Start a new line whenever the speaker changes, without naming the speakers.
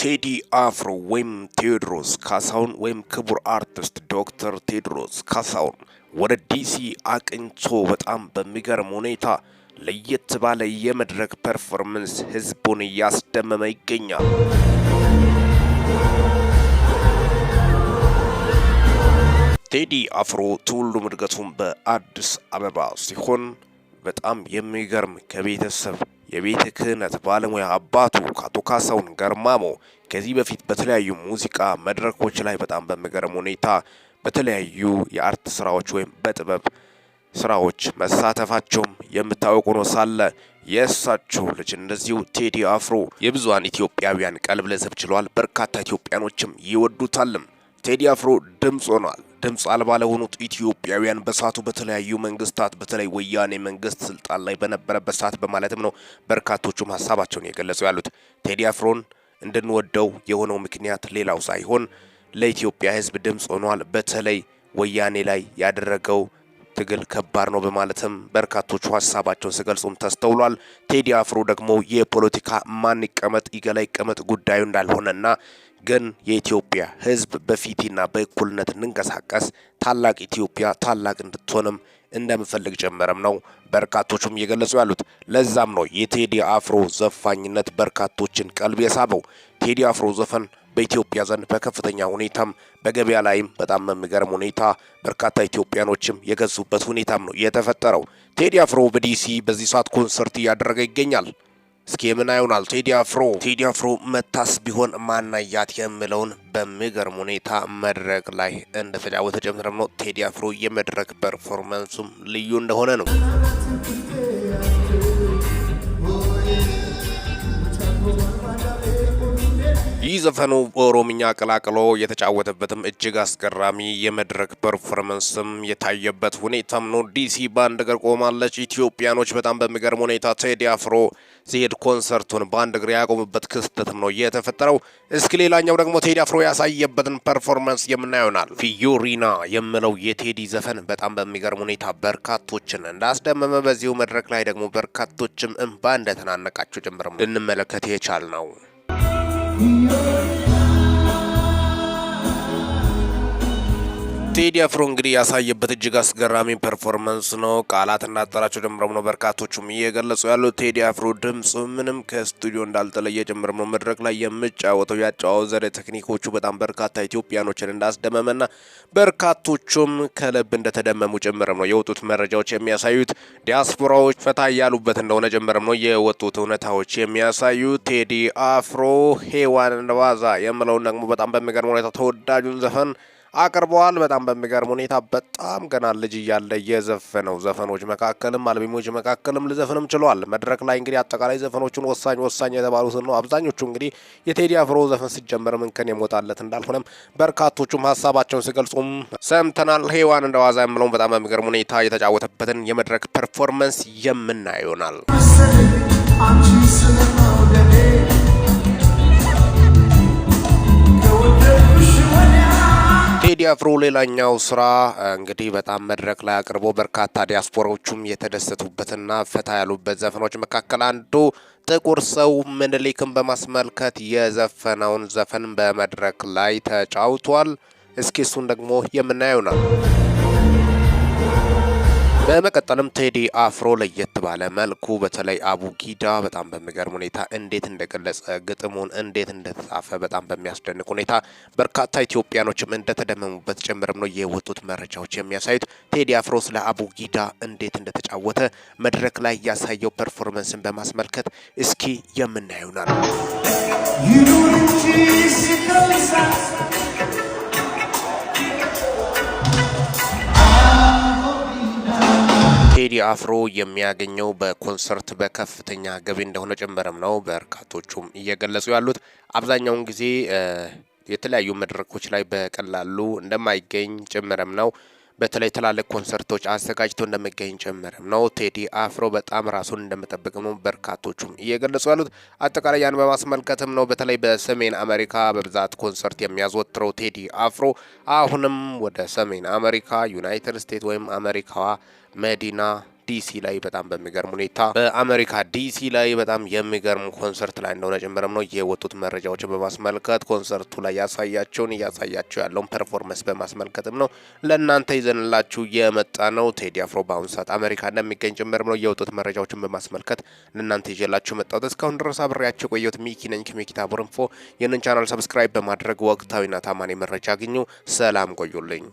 ቴዲ አፍሮ ወይም ቴዎድሮስ ካሳሁን ወይም ክቡር አርቲስት ዶክተር ቴዎድሮስ ካሳሁን ወደ ዲሲ አቅንቶ በጣም በሚገርም ሁኔታ ለየት ባለ የመድረክ ፐርፎርመንስ ህዝቡን እያስደመመ ይገኛል። ቴዲ አፍሮ ትውልዱም እድገቱም በአዲስ አበባ ሲሆን በጣም የሚገርም ከቤተሰብ የቤተ ክህነት ባለሙያ አባቱ ከአቶ ካሳሁን ገርማሞ ከዚህ በፊት በተለያዩ ሙዚቃ መድረኮች ላይ በጣም በሚገርም ሁኔታ በተለያዩ የአርት ስራዎች ወይም በጥበብ ስራዎች መሳተፋቸውም የምታወቁ ነው ሳለ የእሳቸው ልጅ እንደዚሁ ቴዲ አፍሮ የብዙሃን ኢትዮጵያውያን ቀልብ ለዘብ ችሏል። በርካታ ኢትዮጵያኖችም ይወዱታልም። ቴዲ አፍሮ ድምፅ ሆኗል። ድምፅ አልባ ለሆኑት ኢትዮጵያውያን በሳቱ በተለያዩ መንግስታት በተለይ ወያኔ መንግስት ስልጣን ላይ በነበረበት ሰዓት በማለትም ነው በርካቶቹም ሀሳባቸውን የገለጹ ያሉት። ቴዲ አፍሮን እንድንወደው የሆነው ምክንያት ሌላው ሳይሆን ለኢትዮጵያ ህዝብ ድምፅ ሆኗል። በተለይ ወያኔ ላይ ያደረገው ትግል ከባድ ነው በማለትም በርካቶቹ ሀሳባቸውን ሲገልጹም ተስተውሏል። ቴዲ አፍሮ ደግሞ የፖለቲካ ማን ይቀመጥ ይገላ ይቀመጥ ጉዳዩ እንዳልሆነና ግን የኢትዮጵያ ህዝብ በፊቴና በእኩልነት እንንቀሳቀስ፣ ታላቅ ኢትዮጵያ ታላቅ እንድትሆንም እንደምፈልግ ጀመረም ነው በርካቶቹም እየገለጹ ያሉት። ለዛም ነው የቴዲ አፍሮ ዘፋኝነት በርካቶችን ቀልብ የሳበው። ቴዲ አፍሮ ዘፈን በኢትዮጵያ ዘንድ በከፍተኛ ሁኔታም በገበያ ላይም በጣም በሚገርም ሁኔታ በርካታ ኢትዮጵያኖችም የገዙበት ሁኔታም ነው የተፈጠረው። ቴዲ አፍሮ በዲሲ በዚህ ሰዓት ኮንሰርት እያደረገ ይገኛል። እስኪ የምን ይሆናል ቴዲ አፍሮ ቴዲ አፍሮ መታስ ቢሆን ማናያት የምለውን በሚገርም ሁኔታ መድረክ ላይ እንደተጫወተ ጨምረም ነው። ቴዲ አፍሮ የመድረክ ፐርፎርመንሱም ልዩ እንደሆነ ነው። ይህ ዘፈኑ በኦሮምኛ ቀላቅሎ የተጫወተበትም እጅግ አስገራሚ የመድረክ ፐርፎርመንስም የታየበት ሁኔታም ነው። ዲሲ በአንድ እግር ቆማለች። ኢትዮጵያኖች በጣም በሚገርም ሁኔታ ቴዲ አፍሮ ሲሄድ ኮንሰርቱን በአንድ እግር ያቆሙበት ክስተትም ነው የተፈጠረው። እስኪ ሌላኛው ደግሞ ቴዲ አፍሮ ያሳየበትን ፐርፎርማንስ የምናየው ይሆናል። ፊዮሪና የምለው የቴዲ ዘፈን በጣም በሚገርም ሁኔታ በርካቶችን እንዳስደመመ፣ በዚሁ መድረክ ላይ ደግሞ በርካቶችም እንባ እንደተናነቃቸው ጭምርም ልንመለከት የቻል ነው። ቴዲ አፍሮ እንግዲህ ያሳየበት እጅግ አስገራሚ ፐርፎርመንስ ነው። ቃላት አጠራቸው ጀምረም ነው በርካቶቹም እየገለጹ ያሉት ቴዲ አፍሮ ድምፁ ምንም ከስቱዲዮ እንዳልተለየ ጀምረም ነው መድረክ ላይ የምጫወተው ያጫዋወት ዘዴ ቴክኒኮቹ በጣም በርካታ ኢትዮጵያኖችን እንዳስደመመና በርካቶቹም ከልብ እንደተደመሙ ጀምረም ነው የወጡት መረጃዎች የሚያሳዩት ዲያስፖራዎች ፈታ ያሉበት እንደሆነ ጀምረም ነው የወጡት እውነታዎች የሚያሳዩ ቴዲ አፍሮ ሄዋን እንደዋዛ የምለውን ደግሞ በጣም በሚገርም ሁኔታ ተወዳጁን ዘፈን አቅርበዋል። በጣም በሚገርም ሁኔታ በጣም ገና ልጅ እያለ የዘፈነው ዘፈኖች መካከልም አልበሞች መካከልም ልዘፍንም ችሏል። መድረክ ላይ እንግዲህ አጠቃላይ ዘፈኖቹን ወሳኝ ወሳኝ የተባሉትን ነው። አብዛኞቹ እንግዲህ የቴዲ አፍሮ ዘፈን ሲጀመር ምንከን የሞጣለት እንዳልሆነም በርካቶቹም ሀሳባቸውን ሲገልጹም ሰምተናል። ሄዋን እንደ ዋዛ የምለውን በጣም በሚገርም ሁኔታ የተጫወተበትን የመድረክ ፐርፎርመንስ የምናየው ይሆናል። የአፍሮ ሌላኛው ስራ እንግዲህ በጣም መድረክ ላይ አቅርቦ በርካታ ዲያስፖራዎቹም የተደሰቱበትና ፈታ ያሉበት ዘፈኖች መካከል አንዱ ጥቁር ሰው ምኒልክን በማስመልከት የዘፈነውን ዘፈን በመድረክ ላይ ተጫውቷል። እስኪ እሱን ደግሞ የምናየው ነው። በመቀጠልም ቴዲ አፍሮ ለየት ባለ መልኩ በተለይ አቡጊዳ በጣም በሚገርም ሁኔታ እንዴት እንደገለጸ ግጥሙን እንዴት እንደተጻፈ በጣም በሚያስደንቅ ሁኔታ በርካታ ኢትዮጵያኖችም እንደተደመሙበት ጭምርም ነው የወጡት መረጃዎች የሚያሳዩት። ቴዲ አፍሮ ስለ ጊዳ እንዴት እንደተጫወተ መድረክ ላይ ያሳየው ፐርፎርመንስን በማስመልከት እስኪ የምናየው ነው። ቴዲ አፍሮ የሚያገኘው በኮንሰርት በከፍተኛ ገቢ እንደሆነ ጭምርም ነው በርካቶቹም እየገለጹ ያሉት። አብዛኛውን ጊዜ የተለያዩ መድረኮች ላይ በቀላሉ እንደማይገኝ ጭምርም ነው በተለይ ትላልቅ ኮንሰርቶች አዘጋጅቶ እንደሚገኝ ጀምር ነው። ቴዲ አፍሮ በጣም ራሱን እንደሚጠብቅ ነው በርካቶቹም እየገለጹ ያሉት። አጠቃላይ ያን በማስመልከትም ነው በተለይ በሰሜን አሜሪካ በብዛት ኮንሰርት የሚያዘወትረው ቴዲ አፍሮ አሁንም ወደ ሰሜን አሜሪካ ዩናይትድ ስቴትስ ወይም አሜሪካዋ መዲና ዲሲ ላይ በጣም በሚገርም ሁኔታ በአሜሪካ ዲሲ ላይ በጣም የሚገርም ኮንሰርት ላይ እንደሆነ ጭምርም ነው የወጡት መረጃዎችን በማስመልከት ኮንሰርቱ ላይ ያሳያቸውን እያሳያቸው ያለውን ፐርፎርመንስ በማስመልከትም ነው ለእናንተ ይዘንላችሁ የመጣ ነው። ቴዲ አፍሮ በአሁኑ ሰዓት አሜሪካ እንደሚገኝ ጭምርም ነው የወጡት መረጃዎችን በማስመልከት ለእናንተ ይዤላችሁ መጣሁት። እስካሁን ድረስ አብሬያቸው ቆየሁት። ሚኪ ነኝ ከሚኪ ታቦር ኢንፎ። ይህንን ቻናል ሰብስክራይብ በማድረግ ወቅታዊና ታማኝ መረጃ አግኙ። ሰላም ቆዩልኝ።